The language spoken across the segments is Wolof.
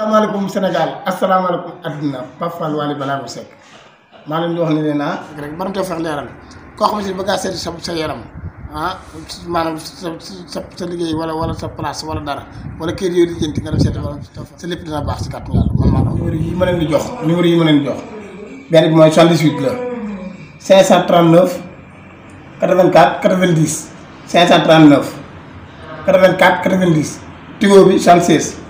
asalaamaaleykum Sénégal asalaamaaleykum adduna Pape Fall Waly Ballago Seck maa leen di wax ne leen ah rek mën na fex leeral koo xam ne bëgg ngaa seeti sa sa yaram ah maanaam sa sa sa liggéey wala wala sa place wala dara wala kër yooyu di jënti nga dem seeti sa lépp dina baax si kàttu yàlla man maa numéro yi ma leen di jox numéro yi ma leen di jox benn bi mooy 78 la 539 84 90 539 84 90 tigo bi 76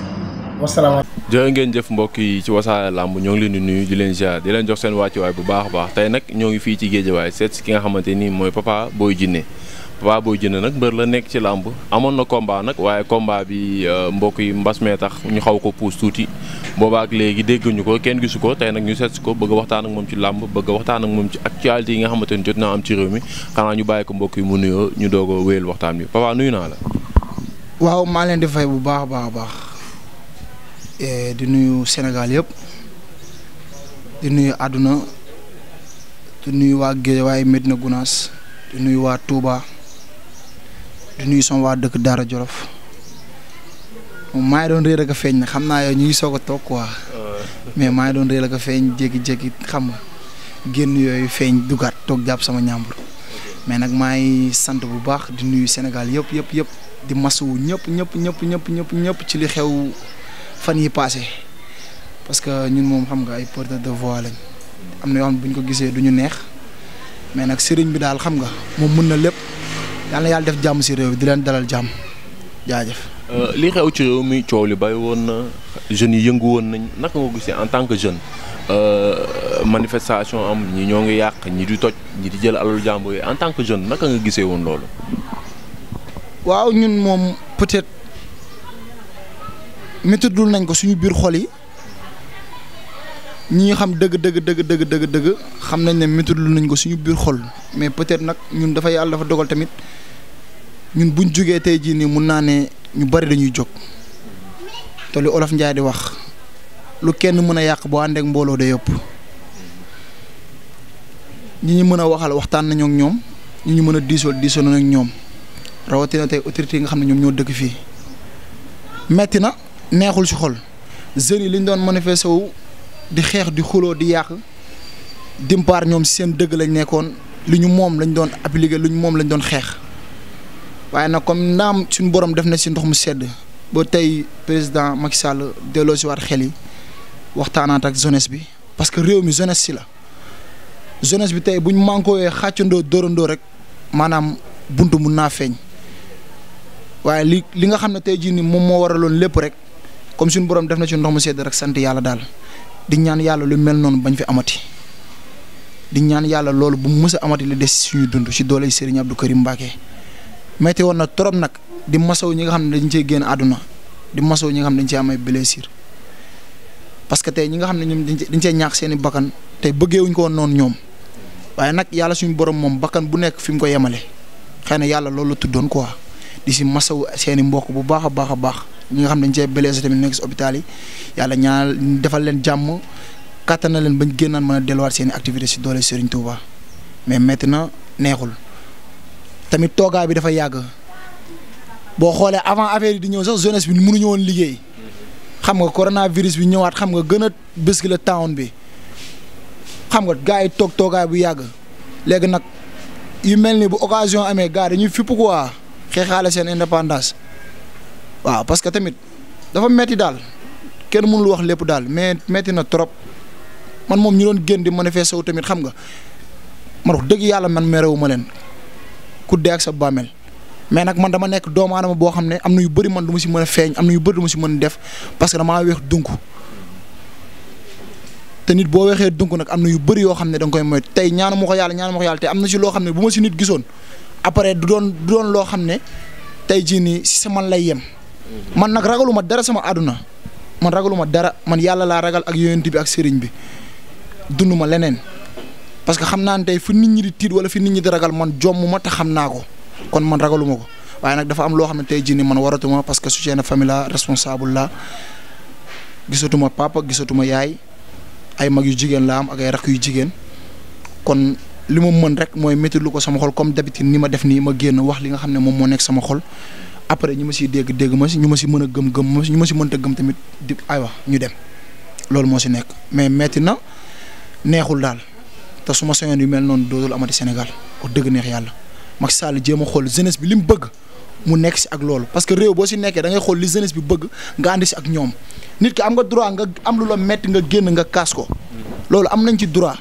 wasalaamaaleykum. jërë ngeen jëf mbokk yi ci wasaare làmb ñoo ngi leen nuyu di leen ziar di leen jox seen wàccuwaay bu baax a baax tey nag ñoo ngi fii ci géejawaay seet si ki nga xamante ni mooy Papa Boy Djiné Papa Boy Djiné nag mbër la nekk ci làmb amoon na combat nag waaye komba bi euh, mbokk yi mbas mee tax ñu xaw ko puus tuuti boobaa ak léegi dégguñu ko kenn gisu ko tey nag ñu seet ko bëgg waxtaan ak moom ci làmb bëgg waxtaan ak moom ci actualité yi nga xamante ni jot naa am ci réew mi xanaa ñu bàyyi ko mbokk yi mu nuyoo ñu doog a wéyal waxtaan bi Papa nuyu naa la Eh, di nuyu Sénégal yëpp di nuyu àdduna di nuyu waa Guédiawaye Médina Gounass di nuyu waa Touba di nuyu sama waa dëkk Daara Jolof moom doon réer ak a feeñ na xam naa yow ñu ngi soog a toog quoi mais maa ngi doon réer ak a feeñ jékki-jékki xam nga génn yooyu feeñ dugaat toog jàpp sama ñàmbur mais nag maa ngi sant bu baax di nuyu Sénégal yëpp yëpp yëpp di masuwu ñëpp ñëpp ñëpp ñëpp ñëpp ci li xew fan yi passé parce que ñun moom xam nga ay porteurs de voix lañ am na yoo xam ne bu ñu ko gisee du ñu neex mais nag sëriñ bi daal xam nga moom mën na lépp yal yàlla def jàmm si réew bi di leen dalal jàmm jaajëf. Euh, li xew ci réew mi coow li bàyyi woon na jeunes yi yëngu woon nañ naka nga gisee en tant que jeune euh, manifestation am ñi ñoo ngi yàq ñi di toj ñi di jël alalu jàmbur we en tant que jeune naka nga gisee woon loolu. waaw ñun moom peut méttiitul nañ ko suñu biir xol yi ñi nga xam dëgg dëgg dëgg dëgg dëgg xam nañ ne méttiitul nañ ko suñu biir xol mais peut-être nag ñun dafa yàlla dafa dogal tamit ñun buñ jógee tey jii nii mun naa ne ñu bari dañuy jóg te lu olof Njaay di wax lu kenn mën a yàq boo ànd ak mbooloo de yëpp ñi ñu mën a waxal waxtaan nañu ñoom ñu ñu mën a diisoo diisoo nañu ak ñoom rawatina tey autorité yi nga xam ne ñoom ñoo dëkk fii metti na. neexul ci xol jeunes yi li ñu doon manifesté wu di xeex di xuloo di yàq dimpaar ñoom seen dëgg lañ nekkoon li ñu moom lañ doon appliqué li ñu moom lañ doon xeex waaye nag comme naam suñu borom def na si ndox mu sedd ba tey président Macky Sall delloo ci waat xel yi waxtaanaat ak jeunesse bi parce que réew mi jeunesse si la jeunesse bi tey bu ñu mànkooyee xàccandoo dóorandoo rek maanaam bunt mun naa feeñ waaye li li nga xam ne tey jii nii moom moo waraloon lépp rek. comme suñu borom def na ci ndox mu sedd rek sant yàlla daal di ñaan yàlla lu mel noonu bañ fi amati di ñaan yàlla loolu bu mu mës amati li des suñu dund si doole Serigne du Karim Mbacke metti woon na trop nag di masaw ñi nga xam ne dañ cee génn àdduna di masaw ñi nga xam ne dañ cee amay blessure parce que tey ñi nga xam ne ñoom dañ cee ñaax seen i bakkan tey bëggeewuñ ko noonu ñoom waaye nag yàlla suñu borom moom bakkan bu nekk fi mu ko yemale xëy na yàlla loolu la tuddoon quoi di si masawu seen i mbokk bu baax a baax a baax. ñu nga xam ne dañ cee blessé tamit nekk si hôpital yi yàlla ñaa defal leen jàmm kàttan na leen bañ génnaan mën a delluwaat seen activité si doole Serigne Touba mais métti neexul tamit toogaay bi dafa yàgg boo xoolee avant affaire yi di ñëw sax jeunesse bi munu ñëwoon liggéey xam nga coronavirus bi ñëwaat xam nga gën a bés la town bi xam nga gars yi toog toogaay bu yàgg léegi nag yu mel ni bu occasion amee gars dañuy fipp quoi xeexaale seen indépendance. waaw parce que tamit dafa metti daal kenn mënul wax lépp daal mais metti na trop man moom ñu doon génn di fee saw tamit xam nga man wax dëgg yàlla man merewu ma leen ku dee ak sa bàmmeel mais nag man dama nekk doomu aadama boo xam ne am na yu bëri man du ma mën a feeñ am na yu bëri du si mën a def parce que damaa weex dunk te nit boo weexee dunk nag am na yu bëri yoo xam ne da koy moytu tey ñaanu ma ko yàlla ñaanu ma ko yàlla te am na si loo xam ne bu ma si nit gisoon après du doon du doon loo xam ne tey jii nii si sa man lay yem. man nag ragaluma dara sama àdduna man ragaluma dara man yàlla laa ragal ak yonent bi ak sëriñ bi dund ma leneen parce que xam naa ne tey fu nit ñi di tiit wala fi nit ñi di ragal man jomm ma te xam naa ko kon man ragaluma ko waaye nag dafa am loo xam ne tey jii nii man waratuma parce que soutien de famille la la gisatuma papa gisatuma yaay ay mag yu jigéen la am ak ay rakk yu jigéen kon li ma mën rek mooy métti ko sama xol comme d'habitude ni ma def nii ma génn wax li nga xam ne moom moo nekk sama xol. après ñu ma siy dégg dégg ma si ñu ma si mën a gëm gëm ma si ñu ma si mënta gëm tamit di aywa ñu dem loolu moo si nekk mais metti na neexul daal te su ma sañoon yu mel noonu dootul amati Sénégal wax dëgg neex yàlla Macky Sall jéem a xool jeunesse bi li mu bëgg mu nekk si ak loolu parce que réew boo si nekkee da xool li jeunesse bi bëgg nga àndi si ak ñoom nit ki am nga droit nga am lu la metti nga génn nga kaas ko loolu am nañ ci droit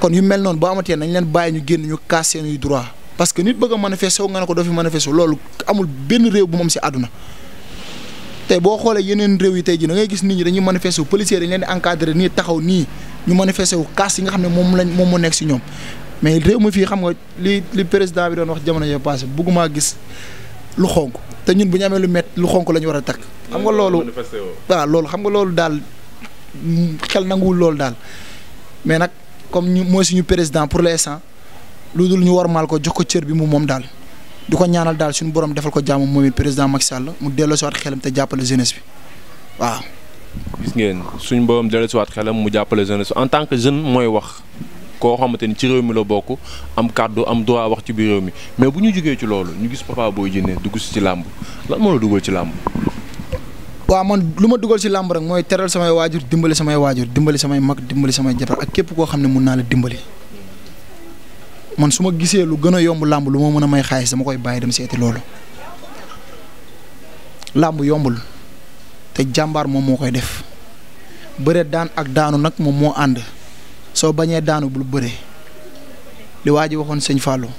kon yu mel noonu boo amatee nañ leen bàyyi ñu génn ñu kaas seen yu droit. parce que nit bëgg a manifester nga ne ko doo fi manifester loolu amul benn réew bu moom si àdduna te boo xoolee yeneen réew yi tey ji da ngay gis nit ñi dañuy manifester wu policiers dañ leen di encadrer nii taxaw nii ñu manifester wu kaas yi nga xam ne moom lañ moom moo nekk si ñoom mais réew mi fii xam nga li li président bi doon wax jamono yee passé bëgguma gis lu xonk te ñun bu ñu amee lu métti lu xonk lañu war a takk. xam nga loolu waaw loolu xam nga loolu daal xel nanguwul loolu daal mais nag comme ñu mooy suñu président pour l'instant lu dul ñu warmaal ko jox ko cër bi mu moom daal du ko ñaanal daal suñu borom defal ko jàmm moom it président Macky Sall mu delloosiwaat xelam te jàppale jeunesse bi waaw. gis ngeen suñu borom delloosiwaat xelam mu jàppale jeunesse en tant que jeune mooy wax koo xamante ni ci réew mi la bokk am kàddu am droit wax ci biir mi mais bu ñu jógee ci loolu ñu gis Papa Boy Djiné dugg si ci làmb lan moo dugal ci làmb. man lu ma dugal si làmb rek mooy teral samay waajur dimbali samay waajur dimbali samay mag dimbali samay jabar ak képp koo xam ne mun naa la dimbali. man su ma gisee lu gën a yomb làmb lu ma mën a may xaalis dama koy bàyyi dem seeti loolu làmb yombul te jàmbaar moom moo koy def bëre daan ak daanu nag moom moo ànd soo bañee daanu bul bëre li waa ji waxoon sëñ Fallou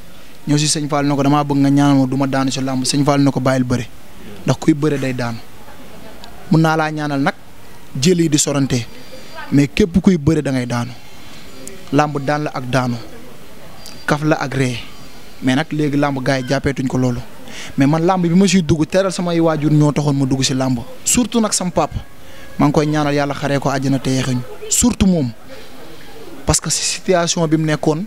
ñëw si sëñ Fallou ne ko damaa bëgg nga ñaanal ma du ma daanu si làmb sëñ Fallou ne ko bàyyil bëre ndax kuy bëre day daanu mun naa laa ñaanal nag jël yi di sorante mais képp kuy bëre da ngay daanu làmb daan la ak daanu. kaf la agré mais nag léegi làmb gaay yi jàppeetuñ ko loolu mais man làmb bi ma siy dugg teral samay waajur ñoo taxoon ma dugg si làmb surtout nag sama papa maa ngi koy ñaanal yàlla xaree ko àjjana te yeexuñ surtout moom parce que si situation bi mu nekkoon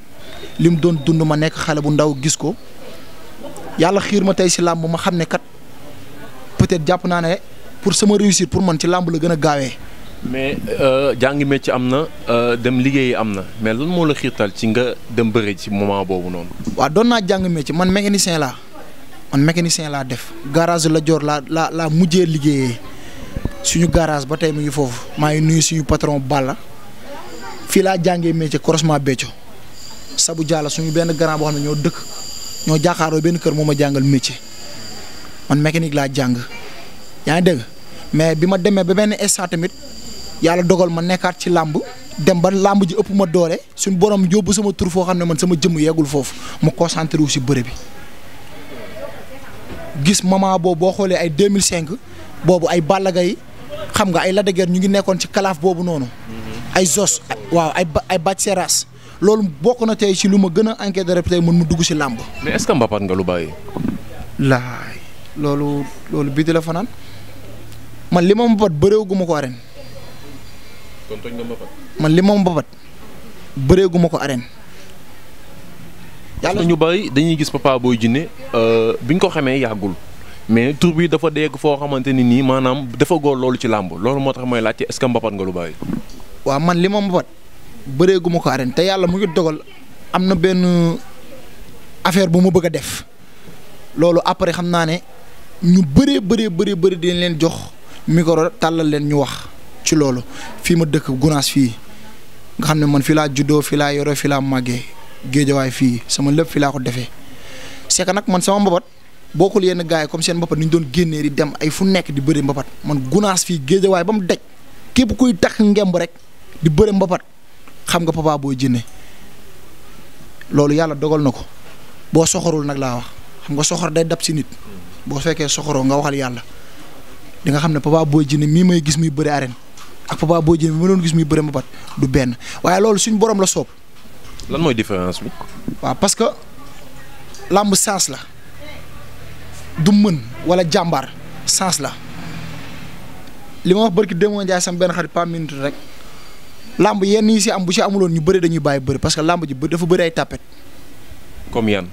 li mu doon dund ma nekk xale bu ndaw gis ko yàlla xiir ma tey si làmb ma xam ne kat peut-être jàpp naa ne pour sama réussite pour man ci làmb la gën a gaawee. mais euh, jàngi mécc am na euh, dem liggéeyi am na mais lan moo la xiirtal ci nga dem bëre ci moment boobu noonu. waaw doon naa jàng mécc man mécanicien laa man mécanicien laa def garage la joor laa laa laa mujjee liggéeyee suñu garage ba tey mu ngi foofu maa ngi nuyu suñu patron Balla fii laa jàngee mécc croisement Béthio Sabu Diallo suñu benn grand boo xam ñoo dëkk ñoo jàkkaaroo benn kër moo ma jàngal métier man mécanique laa jàng yaa ngi dégg mais bi ma demee ba benn instant tamit. yàlla dogal ma nekkaat ci làmb dem ba làmb ji ëpp ma doole suñ borom yóbbu sama tur foo xam ne man sama jëmm yeggul foofu ma concentré wu si bëre bi gis moment boobu boo xoolee ay 2005 boobu ay Balla Gaye xam nga ay Lac de ñu ngi nekkoon ci kalaaf boobu noonu. ay Zos waaw ay ay Bac loolu bokk na tey ci lu ma gën a enquêté rek tey mën mu dugg ci làmb. mais est nga lu bàyyi. laay loolu loolu bii di la fanaan man li ma mbapat bëreewuguma ko ren. kon toj nga mbapat. man li ma mbapat bëreeguma ko arène. yàlla ñu bari dañuy gis Papa Boy Djiné euh, bi ñu ko xamee yàggul mais tur bi dafa ko foo xamante ni nii maanaam dafa góor loolu ci làmb loolu moo tax may laajte est-ce que mbapat nga lu bari. waa man li ma mbapat bëreeguma ko arène te yàlla mu ngi dogal am na benn affaire bu ma bëgg a def loolu après xam naa ne ñu bëree bëree bëri bëri dinañ leen jox mikoro tàllal leen ñu wax. ci loolu fii ma dëkk Gunaas fii nga xam ne man fi laa juddoo fii laa yoroo fii laa màggee géejawaay fii sama lépp fii laa ko defee c'est nag man sama mbapat bokkul yenn gars yi comme seen mbapat ni ñu doon génnee di dem ay fu nekk di bëri mbapat man Gunaas fii géejawaay ba mu daj képp kuy takk ngemb rek di bëri mbapat xam nga Papa booy Djiné loolu yàlla dogal na ko boo soxorul nag laa wax xam nga soxor day dab si nit boo fekkee soxoroo nga waxal yàlla di nga xam ne Papa Boy Djiné mii may gis muy bëri arène ak Papa Boy Djiné ma doon gis muy bëre mbapat du benn waaye loolu suñu boroom la soob. lan mooy différence bi. waaw parce que làmb sens la du mën wala jàmbar sens la li ma wax barki Demba Ndiaye sam benn xarit pas minute rek làmb yenn yi si am bu si amuloon ñu bëri dañuy bàyyi bëri parce que làmb ji dafa bëri ay tàppet. comme yan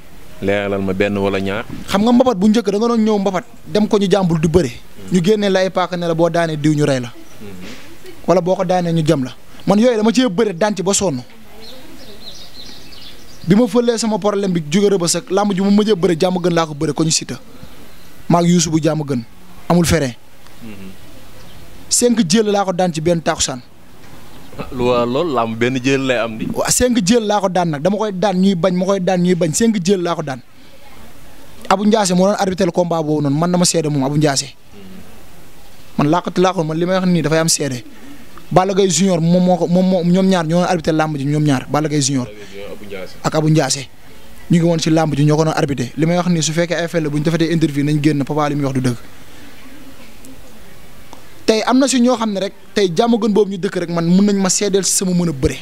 leeralal ma benn wala ñaar. xam nga mbapat bu njëkk da doon ñëw mbapat dem ko ñu jàmbul du bëri. Hmm. ñu génnee lay paaka boo daanee diw ñu rey la. Hmm. wala boo ko daanee ñu jam la man yooyu dama cee bëre daan ci ba sonn bi ma fëlee sama problème bi jóge ba ak làmb ji ma mujjee bëre jàmm gën laa ko bëre ko ñu sita maag yuusu bu jàmm gën amul fere. Mm-hmm. cinq jël laa ko daan ci benn taakusaan. lu loolu làmb benn jël lay am di. jël laa daan nag dama koy daan ñuy bañ ma koy daan ñuy bañ cinq jël laa ko daan. moo doon arbitre le combat boobu na ma seede moom Abu Ndiasse mm-hmm. man laa ko laa ko man li nii dafay am seede. Balla Gaye junior moom moo ko moom moo ñoom ñaar ñoo arbitré làmb ji ñoom ñaar Balla Gaye junior ak Abou Ndiassé ñu ngi woon ci làmb ji ñoo ko doon arbitré li may wax nii su fekkee ay fenn la bu ñu defatee interview nañ génn papa li muy wax du dëgg tey am na si ñoo xam ne rek tey jàmm gën boobu ñu dëkk rek man mun nañ ma seedeel si sama mën a bëre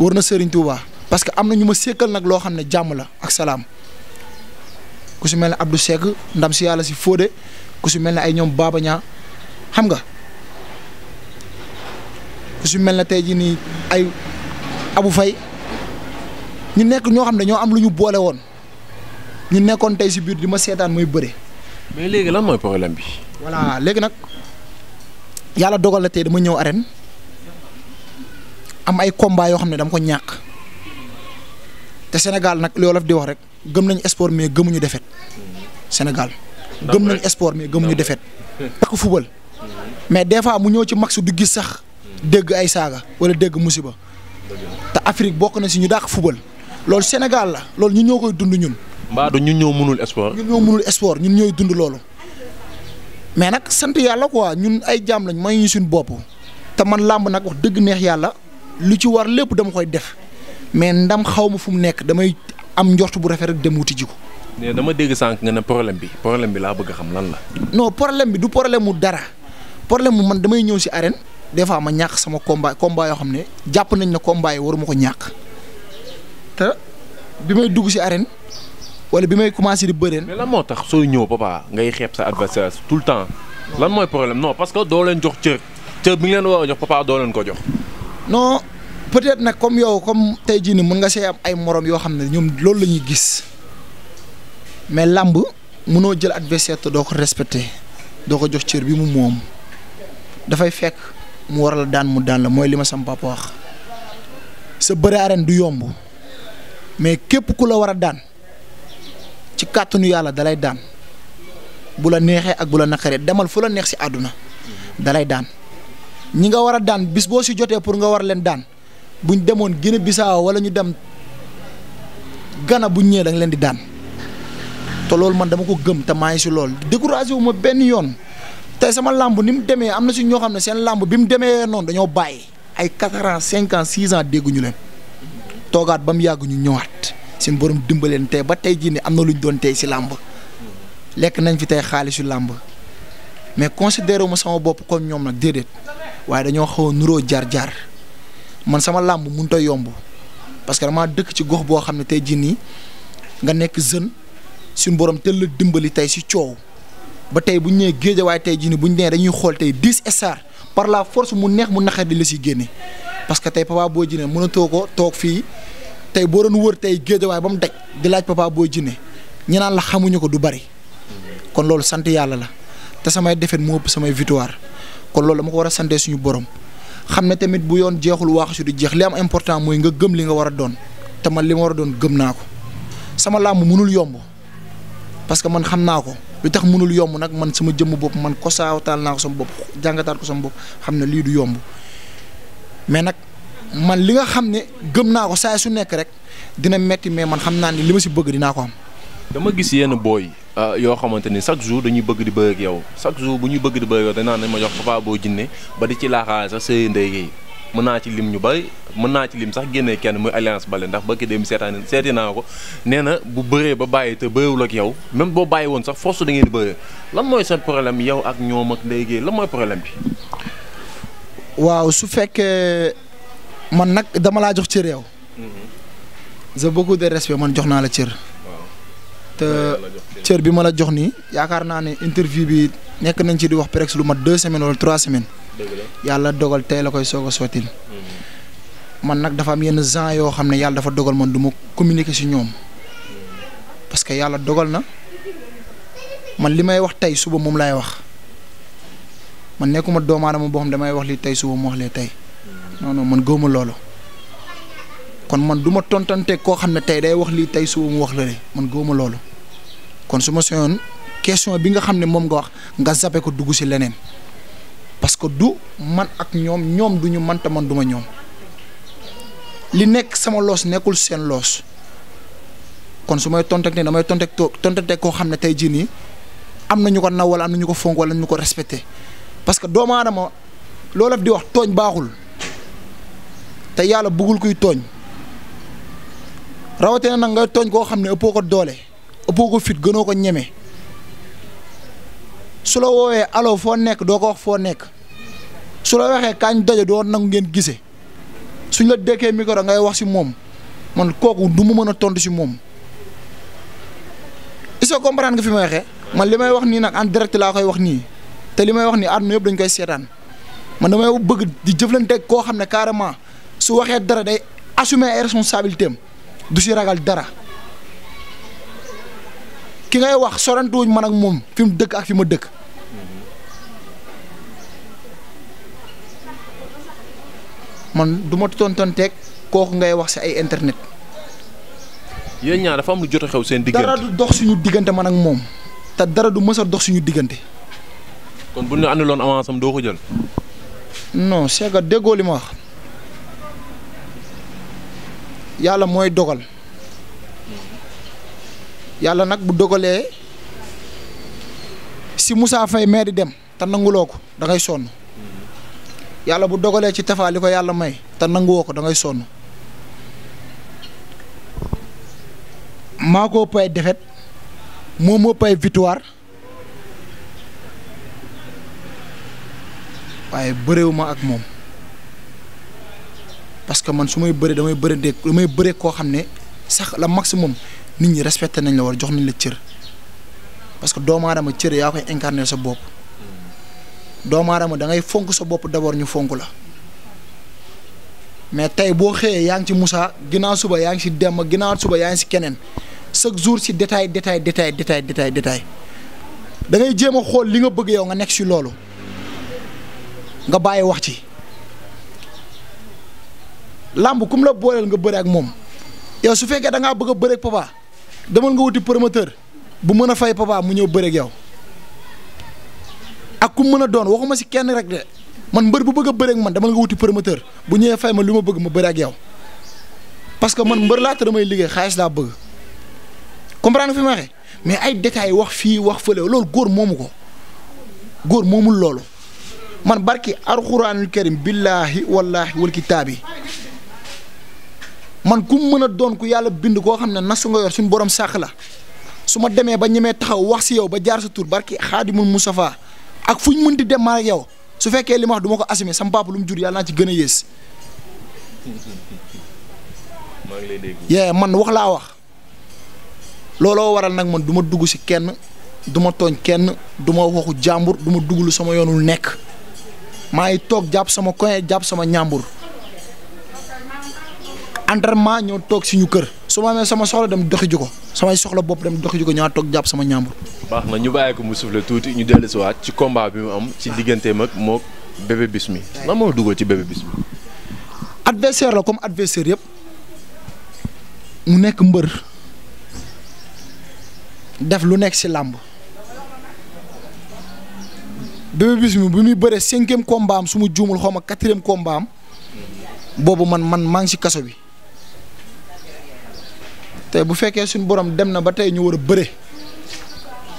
war na Serigne Touba parce que am na ñu ma sekkal nag loo xam ne jàmm la ak salaam ku si mel ne ab du Seck ndam si yàlla si Fodé ku si mel ne ay ñoom Baba Niang xam nga. su mel na tey jii nii ay Abu fay ñu nekk ñoo xam ne ñoo am lu ñu boole woon ñu nekkoon tey si biir di ma seetaan muy bëre. mais léegi lan mooy problème bi. voilà léegi nag yàlla dogal na tey dama ñëw arène am ay combat yoo xam ne dama ko ñàkk te Sénégal nag loolu di wax rek gëm nañ sport mais gëmuñu defet Sénégal. gëm nañ sport mais gëmuñu defet takk fubal mais des mu ñëw ci max du gis sax. dégg ay saaga wala dégg musiba te Afrique bokk na si ñu dàq fubal loolu Sénégal la loolu ñu ñoo koy dund ñun. mbaa du ñu ñoo mënul sport. ñun ñoo mënul sport ñooy dund loolu mais nag sant yàlla quoi ñun ay jaam lañ may ñu suñu bopp te man làmb nag wax dëgg neex yàlla lu ci war lépp dama koy def mais ndam xaw ma fu mu nekk damay am njort bu rafet rek dem wuti ji ko. dama dégg sànq nga ne problème bi problème bi laa bëgg xam lan la. non problème bi du problème mu dara problème mu man damay ñëw si arène. des fois ma ñàkk sama combat combat yoo xam ne jàpp nañ ne combat yi waruma ko ñàkk te bi may dugg ci arène wala bi may commencé di bëreen. mais lan moo tax sooy ñëw papa ngay xeeb sa adversaire tout le temps lan mooy problème non parce que doo leen jox cër bi nga leen war a jox papa doo leen ko jox. non peut-être nag comme yow comme tey jii nii mën nga see am ay morom yoo xam ne ñoom loolu la ñuy gis mais làmb mënoo jël adversaire te doo ko respecté doo ko jox cër bi mu moom dafay fekk. mu war la daan mu daan la mooy li ma sama papa wax sa bëre arène du yomb mais képp ku la war a daan ci kàttanu yàlla dalay daan bu la neexee ak bu la naqaree demal fu la neex si àdduna dalay daan ñi nga war a daan bis boo si jotee pour nga war leen daan buñ demoon Guinée Bissau wala ñu dem gana bu ñëwee da leen di daan te loolu man dama ko gëm te maa ngi si lool découragé wu ma benn yoon. tey sama làmb ni mu demee am na si ñoo xam ne seen làmb bi mu demee noonu dañoo bàyyi ay quatre cinquante cinq ans six ans dégguñu leen toogaat ba mu yàgg ñu ñëwaat seen borom dimbaleen tey ba tey jii ne am na luñ doon tey si làmb lekk nañ fi tey xaalisu làmb mais considéré ma sama bopp comme ñoom nag déedéet waaye dañoo xaw a nuroo jaar-jaar man sama làmb mënut a yomb parce que dama dëkk ci gox boo xam ne tey jii nii nga nekk jeune suñu borom teel dimbali tey si coow. ba tey bu ñu nee géejawaay tey jii nii bu ñu nee dañuy xool tey dix stars par la force mu neex mu naqar di la si génne parce que tey Papa Boy Djiné mënatoo ko toog fii tey boo doon wër tey géejawaay ba mu daj di laaj Papa Boy Djiné ñu naan la xamuñu ko du bari kon loolu sant yàlla la te samay défaite moo ëpp samay victoire kon loolu ma ko war a santee suñu borom xam ne tamit bu yoon jeexul waaxu si du jeex li am important mooy nga gëm li nga war a doon te man li ma war a doon gëm naa ko sama làmb mënul yomb parce que man xam naa ko. li tax mënul yomb nag man sama jëmm bopp man kosaawtaal naa ko sama bopp jàngataal ko sama bopp xam ne lii du yomb mais nag man li nga xam ne gëm naa ko saa su nekk rek dina metti mais man xam naa ni li ma si bëgg dinaa ko am. dama gis yenn booy euh, yoo xamante ni chaque jour dañuy bëgg di bëgg yow chaque jour bu ñuy bëgg di bëgg yow dañ naan ma jox Papa boo Djiné ba di ci laaxaale sax sëy ndey mën naa ci lim ñu bari mën naa ci lim sax génnee kenn muy alliance bale ndax ba ki dem seetaan seeti naa ko nee na bu bëree ba bàyyi te bëreewul ak yow même boo bàyyi woon sax force da ngeen di bëree lan mooy seen problème yow ak ñoom ak ndéygee lan mooy problème bi. waaw su fekkee man nag dama laa jox cër yow. Mhm. j'ai beaucoup de respect man jox naa la cër. te cër bi ma la jox nii yaakaar naa ne interview bi. nekk nañ ci di wax presque lu mat deux semaines wala trois semaines. yàlla dogal tey la koy soog sottil hmm. man nag dafa am yenn gens yoo xam ne yàlla dafa dogal man du ma communiquer si ñoom hmm. parce que yàlla dogal na man li may wax tey suba moom laay wax man nekkuma doomu aadama boo xam damay wax lii tey suba mu wax lee tey hmm. non non man gëwma loolu kon man du ma tontante koo xam ne tey day wax lii tey suba mu wax la man gëwma loolu kon su ma soyoon question bi nga xam ne moom nga wax nga zappe ko dugg ci leneen parce que du man ak ñoom ñoom du ñu mënta man du ñoom li nekk sama loos nekkul seen loos kon su may tontek ne damay tontek too tontek koo xam ne tey jii nii am na ñu ko naw wala am na ñu ko fonk wala ñu ko respecté parce que doomu aadama loolu di wax tooñ baaxul te yàlla buggul kuy tooñ rawatina nag ngay tooñ koo xam ne ëppoo ko doole ëppoo ko fit gënoo ko ñeme. su la woowee allo foo nekk doo ko wax foo nekk su la waxee kañ daje doo nangu ngeen gisee suñ la dëkkee micro ngay wax si moom man kooku du mu mën a tontu si moom. est-ce que nga fi ma waxee man li may wax nii nag en direct laa koy wax nii te li may wax nii àdduna yëpp dañ koy seetaan man damay bëgg di jëflanteeg koo xam ne carrément su waxee dara day assumer ay responsabilités am du si ragal dara. ki ngay wax sorante wuñ man ak moom fi mu dëkk ak fi ma dëkk. man du ma tontonteeg kooku ngay wax si ay internet. yéen ñaar dafa am lu jot a xew seen diggante dara du dox suñu diggante man ak moom te dara du mës a dox suñu diggante. kon bu ñu àndaloon avance am doo ko jël. non c'est que déggoo li ma wax yàlla mooy dogal. yàlla nag bu dogalee si musaa fay mee di dem te nanguloo ko dangay sonn yàlla bu dogalee ci Tapha li ko yàlla may te nanguwoo ko da ngay sonn maa ko ëpp ay défaite moo ma ëpp ay victoire waaye bëréewuma ak moom parce que man su may bëri damay bëri dégg damay koo xam ne sax la maximum nit ñi respecté nañ la war jox nañ la cër parce que doomaadama cër yaa koy incarner sa bopp doomu aadama da ngay fonk sa bopp d'abord ñu fonk la mais tey boo xëyee yaa ngi ci musaa ginnaaw suba yaa ngi ci Demba ginnaaw suba yaa ngi ci keneen chaque jour ci détail détail détail détail détail détail da ngay jéem a xool li nga bëgg yow nga nekk ci loolu nga bàyyi wax ci làmb kum la booleel nga bëre ak moom yow su fekkee dangaa ngaa bëgg a bëre ak papa. demal nga wuti promoteur bu mën a fay papa mu ñëw bëreeg yow ak ku mën a doon waxuma si kenn rek de man mbër bu bëgg a bëreeg man demal nga wuti promoteur bu ñëwee fay ma lu ma bëgg ma bëreeg yow parce que man mbër laa te damay liggéey xaalis laa bëgg comprendre fi ma waxee mais ay détails wax fii wax fële loolu góor moomu ko góor moomul loolu man barki alxuraanul karim billaahi wallaahi wal kitaabi man ku mu mën a doon ku yàlla bind koo xam ne nasu nga yor suñu boroom sàq la su ma demee ba ñemee taxaw wax si yow ba jaar sa tur barki xaadimul Mustafa ak fu ñu mën di dem ak yow su fekkee li ma wax ko assumer sam papa jur yàlla naa gën a yées. man wax laa wax looloo waral nag man duma dugg si kenn du ma tooñ kenn du ma waxu jàmbur du ma dugg lu sama yoonul nekk maa ngi toog jàpp sama coin jàpp sama ñàmbur. entraînement ñoo toog suñu kër su ma amee sama soxla dem doxi ko samay soxla bopp dem doxi ji ko ñaa toog jàpp sama ñaambur. baax na ñu bàyyi mu mu soufflé tuuti ñu dellusiwaat ci combat bi mu am ci digganteem ak moog bébé Bismi lan moo dugal ci bébé Bismi. adversaire la comme adversaire yëpp mu nekk mbër def lu nekk ci làmb bébé Bismi bi muy bëree cinquième kombaam su ma juumul xaw ma quatrième combat am boobu man man maa ngi ci kaso bi. te bu fekkee suñu borom dem na ba tey ñu war a bëre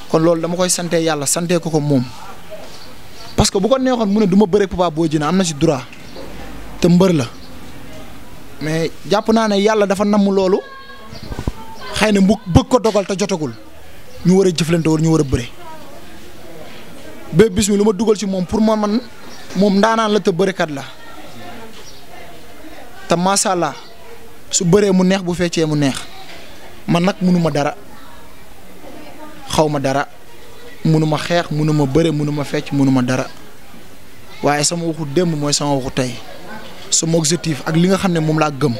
kon loolu dama koy sante yàlla sante ko ko moom parce que bu ko neexoon mu ne duma ma bëre Papa Boy Djiné am na si droit te mbër la mais jàpp naa ne yàlla dafa namm loolu xëy na bu bëgg ko dogal te jotagul ñu war a jëflante war ñu war a bëre ba bis mi lu ma dugal si moom pour ma man moom ndaanaan la te bërekat la te macha allah su bëree mu neex bu feccee mu neex. man nag mënuma dara xaw ma dara mënuma xeex mënuma bëre mënuma fecc mënuma dara waaye sama waxu démb mooy sama waxu tey sama objectif ak li nga xam ne moom laa gëm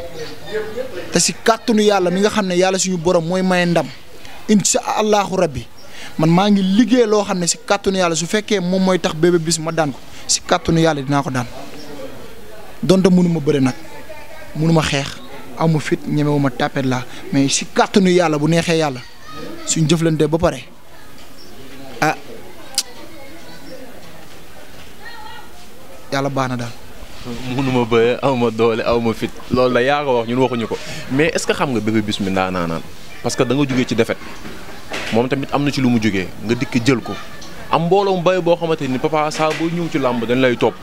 te si kàttanu yàlla mi nga xam ne yàlla suñu borom mooy maye ndam incha allahu rabbi man maa ngi liggéey loo xam ne si kàttanu yàlla su fekkee moom mooy tax bébé bis ma daan ko si kàttanu yàlla dinaa ko daan donte mënuma bëre nag mënuma xeex. amu fit ñemewuma tàppet la mais si kàttanu yàlla bu neexee yàlla suñ jëflante ba pare ah yàlla baax na daal. mënuma bëre aw ma doole aw ma fit loolu la yaa ko wax ñun waxuñu ko mais est-ce que xam nga Bébé Bismi ndaanaan parce que da nga jógee ci defet moom tamit am na ci lu mu jógee nga dikk jël ko am mbooloo mu bëri boo xamante ni papa saa boo ñëw ci làmb dañ lay topp.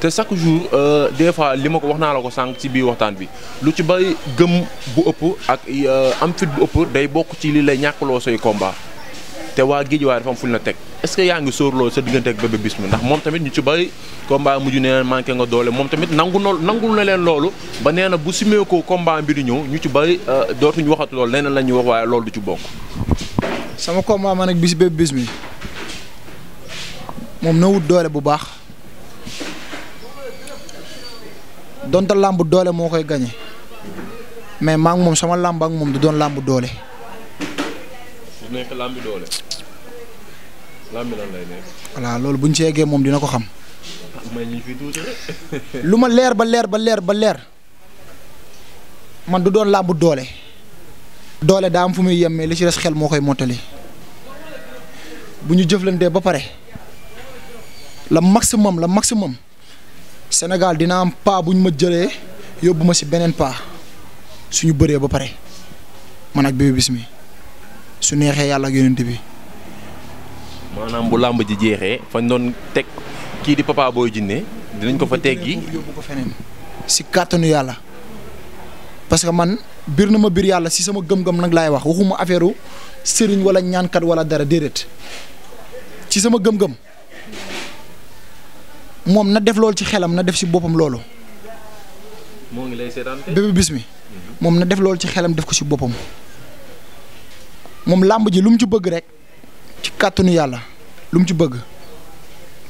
te chaque jour euh, des fois li ma ko wax naa la ko sànq ci biir waxtaan bi lu ci bari gëm bu ëpp ak euh, am fit bu ëpp day bokk ci lii lay ñàkkloo say combat te waa géej waaye dafa am fuñ la teg est-ce que yaa ngi sóorloo sa diggante ak Bébé Bismi ndax moom tamit ñu ci bari combat mujj nee na manqué nga doole moom tamit nangu na nangul na leen loolu ba nee na bu simee ko combat bi di ñëw ñu ci bari euh, dootuñu waxatu loolu leneen la ñuy wax waaye loolu ci bokk. sama combat man ak Bismi moom bu baax. dont làmb doole moo koy gañe mais maa moom sama làmb ak moom du doon làmb doole. su loolu bu ñu ci yeggee moom dina ko xam. lu ma leer ba leer ba leer ba leer man du doon làmb doole. doole daa am fu muy yem mais li ci des xel moo koy mottali bu ñu jëflantee ba pare la maximum la maximum. senegal dina am paa bu ñu ma jëlee yóbbu ma si beneen pas suñu bëree ba pare man ak Bébé Bismi su neexee yàlla ak yonent bi. maanaam bu làmb ji jeexee fañ doon teg kii di Papa Boy Djiné dinañ ko fa teggi yóbbu ko feneen si kàttanu yàlla parce que man biir na ma biir yàlla si sama gëm-gëm nag laay wax waxuma affaire sëriñ wala ñaankat wala dara déedéet ci sama gëm-gëm. moom na def lool ci xelam na def si boppam loolu. moo ngi lay seetaan Bébé Bismi mhm. moom na def loolu ci xelam def ko si boppam moom làmb ji lu mu ci bëgg rek ci kàttanu yàlla lu mu ci bëgg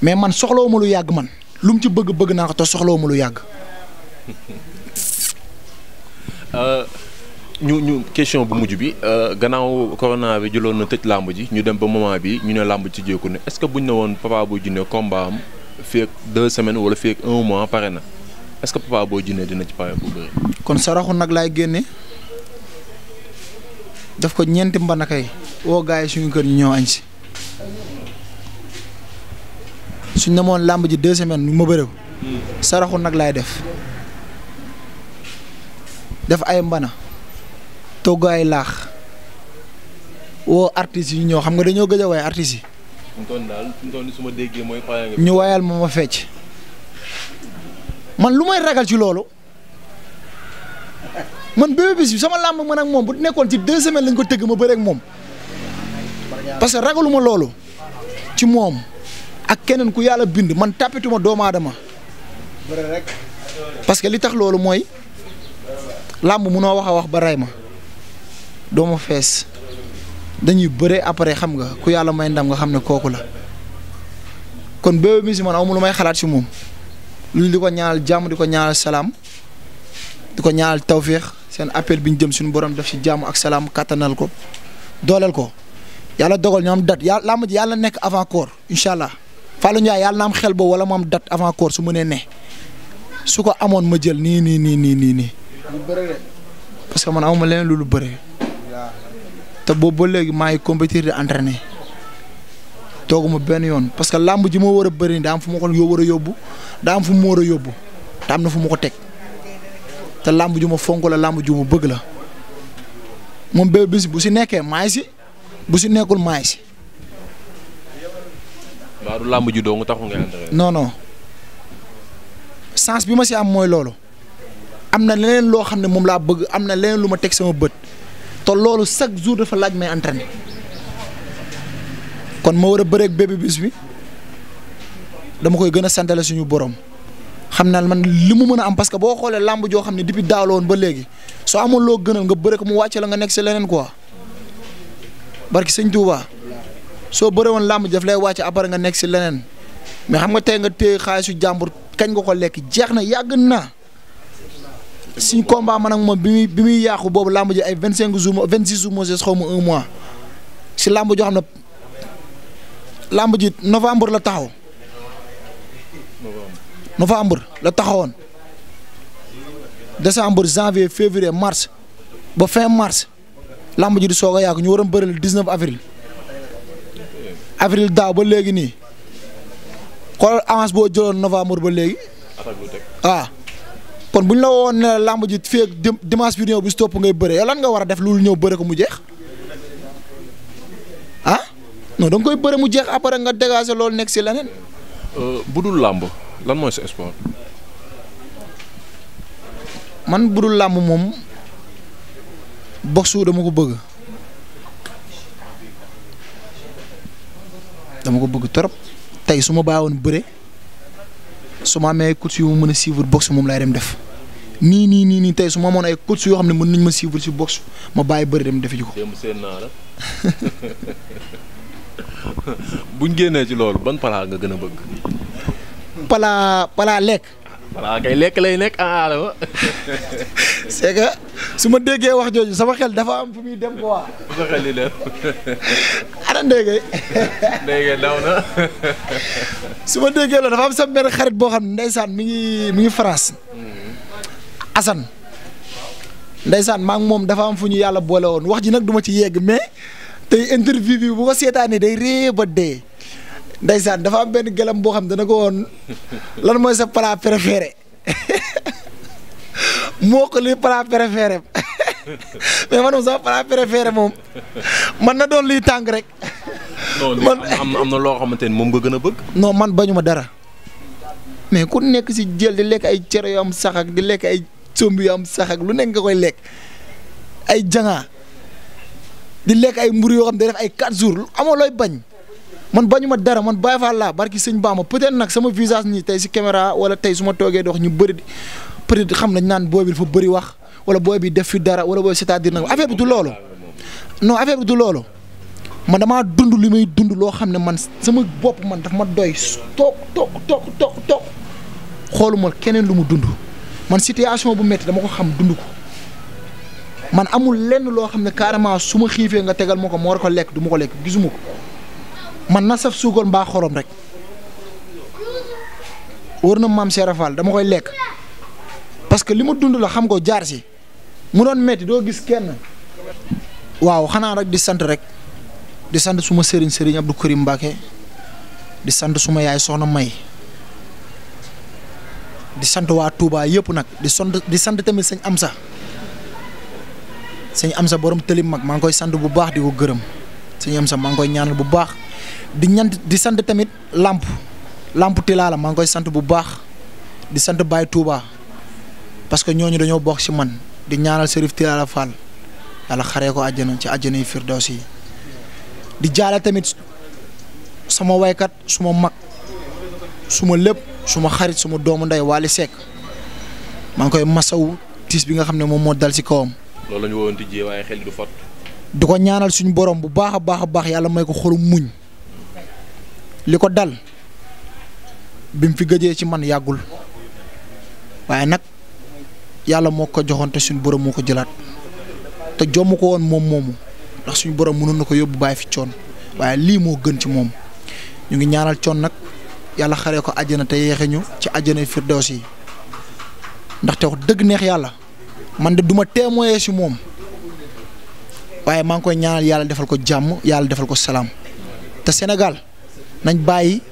mais man soxlawuma lu yàgg man lu mu ci bëgg bëgg naa ko te soxlawuma lu yàgg. Euh, ñu ñu question bu mujj bi euh, gannaaw corona bi jëloon na tëj làmb ji ñu dem ba moment bi ñu ne làmb ci jéeku ne est-ce que buñ na woon Papa Boy Djiné kombaam fii ak deux semaines fii ak un mois pare na est-ce que Papa Boy Djiné dina ci pare bu bëri. kon saraxu nag laay génne daf ko ñeenti mbanakay woo gars yi suñu kër ñu ñëw añ si suñ demoon làmb ji deux semaine ñu ma bëreew saraxu nag laay def def ay mbana togg ay laax woo artistes yi ñu ñëw xam nga dañoo gëj a waaye artistes yi. ñu wayal ma ma fecc man lu may ragal ci loolu man Bébé Bismi sama làmb man ak moom bu nekkoon ci deux semaines lañ ko tëgg ma bëre moom parce que ragaluma loolu ci moom ak keneen ku yàlla bind man tàppituma doomu aadama parce que li tax loolu mooy làmb munoo wax a wax ba rey ma doo fees dañuy bëre après xam nga ku yàlla may ndam nga xam ne kooku la kon Bébé Miss man amul lu may xalaat si moom lu di ko ñaanal jàmm di ko ñaanal salaam di ko ñaanal tawféex seen appel bi ñu jëm suñu borom def si jàmm ak salaam kàttanal ko dooleel ko yàlla dogal ñu am date yàlla ma yàlla nekk avant koor incha allah Fallou Ndiaye yàlla na am xel boobu wala mu am date avant koor su mënee ne su ko amoon ma jël nii nii nii nii nii nii. parce que man lu lu bëre. te boobu ba léegi maa ngi compétir di entraîner tooguma benn yoon parce que làmb ji ma war a bëri daa am fu ma ko war a yóbbu daa fu ma war a yóbbu daa am na fu ma ko teg te làmb ju ma fonk la làmb ju ma bëgg la moom Bébé Bismi bu si nekkee maay si bu si nekkul maay si. waaw làmb ji dong taxul ngay entraîner. non non sens bi ma si am mooy loolu am na leneen loo xam ne moom laa bëgg am na leneen lu ma teg sama bët. te loolu chaque jour dafa laaj may entraîner kon ma war a bëreeg bébé bi dama koy gën a santale suñu borom xam naa man li mu mën a am parce que boo xoolee làmb joo xam ne depuis daaw ba léegi soo amul loo gënal nga bëre ko mu wàcce la nga nekk si leneen ko barki sëñ Touba soo bëre woon làmb ji daf lay wàcce après nga nekk si leneen mais xam nga tey nga téye xaalisu jàmbur kañ nga ko lekk jeex na yàgg na. suñu combat man ak moom bi muy bi muy yàqu boobu làmb ji ay vingt cinq jours vingt six jours moo si xaw ma un si làmb joo xam ne làmb ji novembre la taxaw novembre la taxawoon décembre janvier février mars ba fin mars làmb ji di soog a yàqu ñu waroon bëri le 19 avril avril daaw ba léegi nii xoolal avance boo jëloon novembre ba léegi ah. kon bu ñu la woon ne làmb ji fii ak dimanche bi ñëw bi si topp ngay bëre yow lan nga war a def loolu ñëw bëre ko mu jeex ah non da koy bëre mu jeex après nga dégager loolu nekk si leneen. Euh, bu dul làmb lan mooy sa sport. man bu dul làmb moom boxu dama ko bëgg dama ko bëgg trop tey su ma bàyyi woon bëre. su ma amee coach yu ma mën a suivre boxe moom laay dem def nii nii nii nii tey su ma amoon ay coach yoo xam ne mën nañ ma suivre si boxe ma bàyyi bëri dem defe ji ko. démb seen naa la buñ génnee ci loolu ban palaa nga gën a bëgg. palaa palaa lekk. voilà kay lekk lay nekk ah Adama. c'est su ma déggee wax jooju sama xel dafa am fu muy dem quoi. sama su ma déggee la dafa am sama benn xarit boo xam ne ndeysaan mi ngi mi ngi France. Mm-hmm. Assane. ndeysaan maa moom dafa am fu ñu yàlla boole woon wax ji nag du ma ci yegg mais tey interview bi bu ko seetaanee day ree ba dee. ndeysaan dafa am benn gelam boo xam dana ko woon lan mooy sa palaa préféré moo ko lii plat moom sama plat man na doon liy tàng rek. man am na loo xamante ni moom nga gën a bëgg. non man bañu ma dara mais ku nekk si jël di lekk ay cere yu am sax ak di lekk ay somb yu am sax lu nekk nga koy lekk ay jangaa di lekk ay mburu yoo xam ne def ay 4 jours amoo looy bañ. man bañu ma dara man Baye Fall laa barki sëñ Bamba peut-être nag sama visage nii tey si caméra wala tey su ma toogee dox ñu bëri peut-être xam nañ naan booy bi dafa bëri wax wala booy bi def fi dara wala booy c'est-à-dire nag affaire bi du loolu non affaire bi du loolu man damaa dund li may dund loo xam ne man sama bopp man daf ma doy toog toog toog toog toog xooluma keneen lu mu dund man situation bu métti dama ko xam dund ko man amul lenn loo xam ne carrément su ma xiifee nga tegal ma ko ma war ko lekk du ma ko lekk gisuma ko man na saf suukar mbaa xorom rek wër na maam Cheikh Fall dama koy lekk parce que li ma dund la xam ko jaar si mu doon metti doo gis kenn waaw xanaa rek di sant rek di sant suma sëriñ sëriñ Abdou Karim Mbacke di sant suma yaay soxna May di sant waa Touba yëpp nag di sant di sant tamit sëñ Amsa sëñ sa borom tëlim mag maa ngi koy sant bu baax di ko gërëm sëñ Amsa maa ngi koy ñaanal bu baax. di ñant di sant tamit làmp làmp tilaala la maa ngi koy sant bu baax di sant baay Touba parce que ñooñu dañoo bokk ci man di ñaanal Serif Tilala Fall yàlla xaree ko àjjana ci àjjana yu firdaws yi di jaale tamit sama waykat suma mag suma lépp suma xarit suma doomu ndey Waly sekk maa ngi koy masawu tiis bi nga xam ne moom moo dal ci kawam. loolu la ñu woon tijjee waaye xel du fot. di ko ñaanal suñu borom bu baax a baax a baax yàlla may ko xolu muñ. li ko dal bi mu fi gëjee ci man yàggul waaye nag yàlla moo ko joxoon te suñu borom moo ko jëlaat te jomm ko woon moom moomu ndax suñu borom mënoon na ko yóbbu bàyyi fi coon waaye lii moo gën ci moom ñu ngi ñaanal coon nag yàlla xaree ko àjjana te yeexe ñu ci àjjana firdaws yi ndaxte wax dëgg neex yàlla man de duma témoigner ci moom waaye maa ngi koy ñaanal yàlla defal ko jàmm yàlla defal ko salaam te Sénégal nañ bàyyi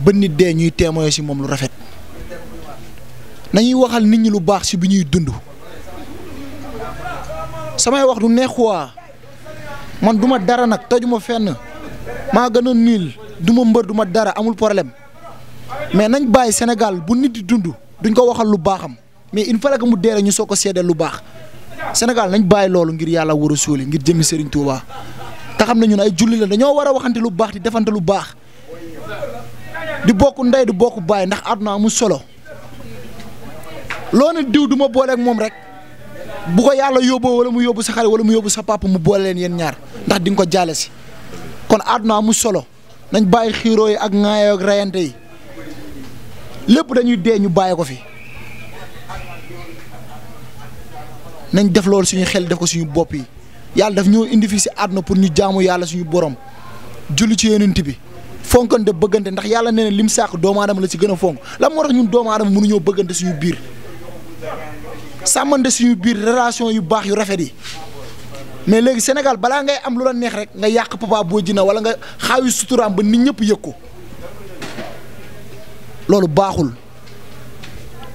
ba nit dee ñuy témoin ci moom lu rafet nañuy waxal nit ñi lu baax ci bi ñuy dund samay wax du neex man du ma dara nag tojuma fenn maa gën a niil du ma mbër du ma dara amul problème mais nañ bàyyi Sénégal bu nit di dund duñ ko waxal lu baaxam mais il fallait que mu dee ñu soo ko seedeel lu baax senegal nañ bàyyi loolu ngir yàlla war a suuli ngir jëmi Serigne tuubaa xam ne ñun ay julli la dañoo war a waxante lu baax di defante lu baax di bokk ndey di bokk baay ndax àdduna amul solo loo ne diw du ma booleeg moom rek bu ko yàlla yóbboo wala mu yóbbu sa xale wala mu yóbbu sa papa mu boole leen yéen ñaar ndax di nga ko jàlle si kon àdduna amul solo nañ bàyyi xiiroo yi ak ŋaayoo ak rayante yi lépp dañuy dee ñu bàyyi ko fi nañ def loolu suñu xel def ko suñu bopp yi. yàlla daf ñoo indi fii si àdduna pour ñu jaamu yàlla suñu borom julli ci yonent bi fonkante bëggante ndax yàlla nee na lim sàkk doomu la ci gën a fonk lan moo tax ñun doomu aadama mënuñoo bëggante suñu biir sàmmante suñu biir relation yu baax yu rafet yi mais léegi Sénégal balaa ngay am lu la neex rek nga yàq Papa Boy Djiné wala nga xaawi suturaam ba nit ñëpp yëg ko loolu baaxul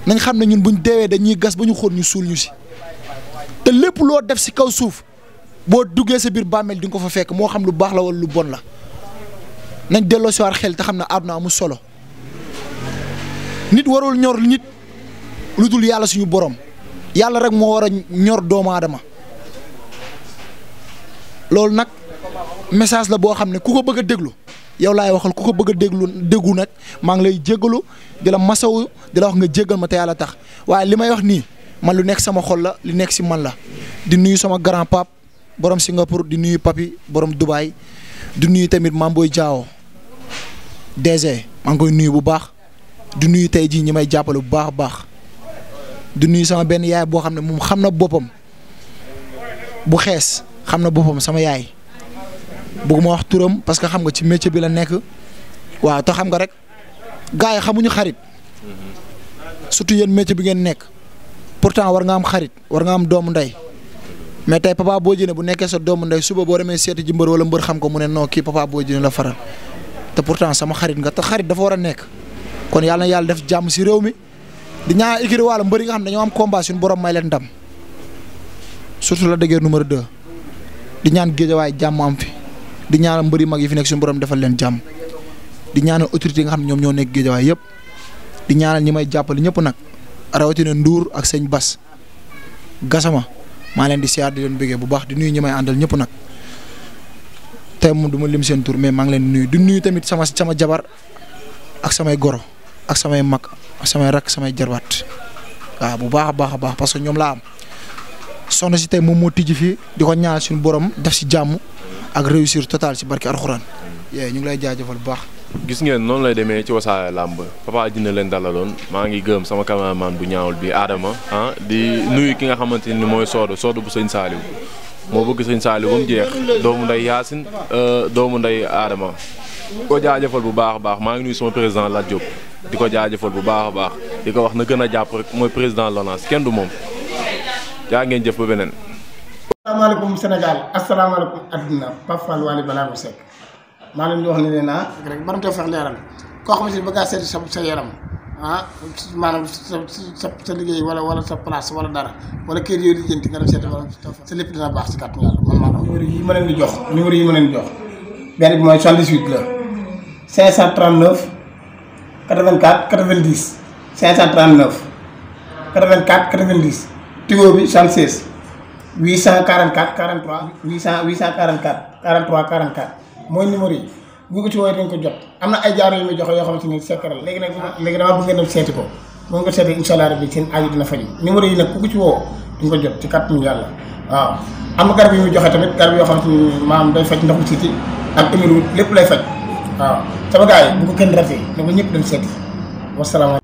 nañ xam ne ñun buñ deewee dañuy gas ba ñu xóot ñu suul ñu si te lépp loo def si kaw suuf. boo duggee sa biir bàmmeel di nga ko fa fekk moo xam lu baax la wala lu bon la nañ delloo si waat xel te xam ne àdduna amul solo nit warul ñor nit lu dul yàlla suñu borom yàlla rek moo war a ñor doomu aadama loolu nag message la boo xam ne ku ko bëgg a déglu yow laay waxal ku ko bëgg a déglu déggu nag maa ngi lay jéggalu di la masawu di la wax nga jéggal ma te yàlla tax waaye li may wax nii man lu nekk sama xol la lu nekk si man la di nuyu sama grand borom Singapour di nuyu Papi borom Dubaay di nuyu tamit Mame Boye jaawoo DG maa koy nuyu bu baax di nuyu tey jii ñi may jàppale bu baax a baax di nuyu sama benn yaay boo xam ne moom xam na boppam bu xees xam na boppam sama yaay bëgguma wax turam parce que xam nga ci métier bi la nekk waaw te xam nga rek gars yi xamuñu xarit surtout yéen métier bi ngeen nekk pourtant war nga am xarit war nga am doomu ndey. mais tey Papa Boy Djiné bu nekkee sa doomu ndey suba boo demee seeti ji mbër wala mbër xam ko mu ne non kii Papa Boy Djiné la faral te pourtant sama xarit nga te xarit dafa war a nekk kon yàlla yàlla def jàmm si réew mi di ñaa ikiri mbër yi nga xam ne dañoo am combat suñu borom may leen ndam surtout la dëggee numéro 2 di ñaan géejawaay jàmm am fi di ñaan mbër yu mag yi fi nekk suñu borom defal leen jàmm di ñaanal autorité yi nga xam ne ñoom ñoo nekk géejawaay yëpp di ñaanal ñi may jàppale ñëpp nag rawatina nduur ak sëñ Bas Gasama maa leen di siyaar di leen bëggee bu baax di nuyu ñi may àndal ñëpp nag te moom du ma lim seen tur mais maa ngi leen nuyu du nuyu tamit sama sama jabar ak samay goro ak samay mag samay rak samay jarwaat waaw bu baax a baax a baax parce que ñoom laa am soxna si tey moom moo tijji fii di ko ñaan suñu borom def si jàmm ak réussir total si barki alxuraan yee ñu ngi lay jaajëfal bu baax. gis ngeen noonu lay demee ci wasaare làmb Papa Djiné leen dalaloon maa ngi gërëm sama cameraman bu ñaawul bi Adama ah di nuyu ki nga xamante ni mooy soodu soodu bu sëñ Saaliw moo bëgg sëñ Saaliw ba mu jeex doomu nday Yaasin euh, doomu nday Adama ko jaajëfal bu baax a baax maa ngi nuyu sama président Lat Diop di ko jaajëfal bu baax a baax di ko wax na gën a jàpp rek mooy président LONASE kenn du moom jaa ngeen jëf ba beneen. maa leen di wax ne leen ah rek mën nga fex leeral koo xamante ni bëgg a seeti sa sa yaram ah maanaam sa sa liggéey wala wala sa place wala dara wala kër yooyu lijjanti nga dem seeti sa lépp dina baax si kàttan yàlla man maa numéro yi ma leen di jox numéro yi ma leen di jox benn bi mooy 78 la 539 84 90 539 84 90 tigo bi 76 844 43 800 844 43 44 mooy numéro yi bu ko ci woowee dañ ko jot am na ay jaaro yu muy joxe yoo xamante ni secret léegi nag léegi damaa bëgg ngeen dem seeti ko bu nga ko ci woo duñ ko am na garab yu muy joxe tamit garab yoo xamante ni maam day faj ndoxu siiti lépp lay faj waaw sama gars bu ko kenn rafet na ko ñëpp dem seeti wasalaamaaleykum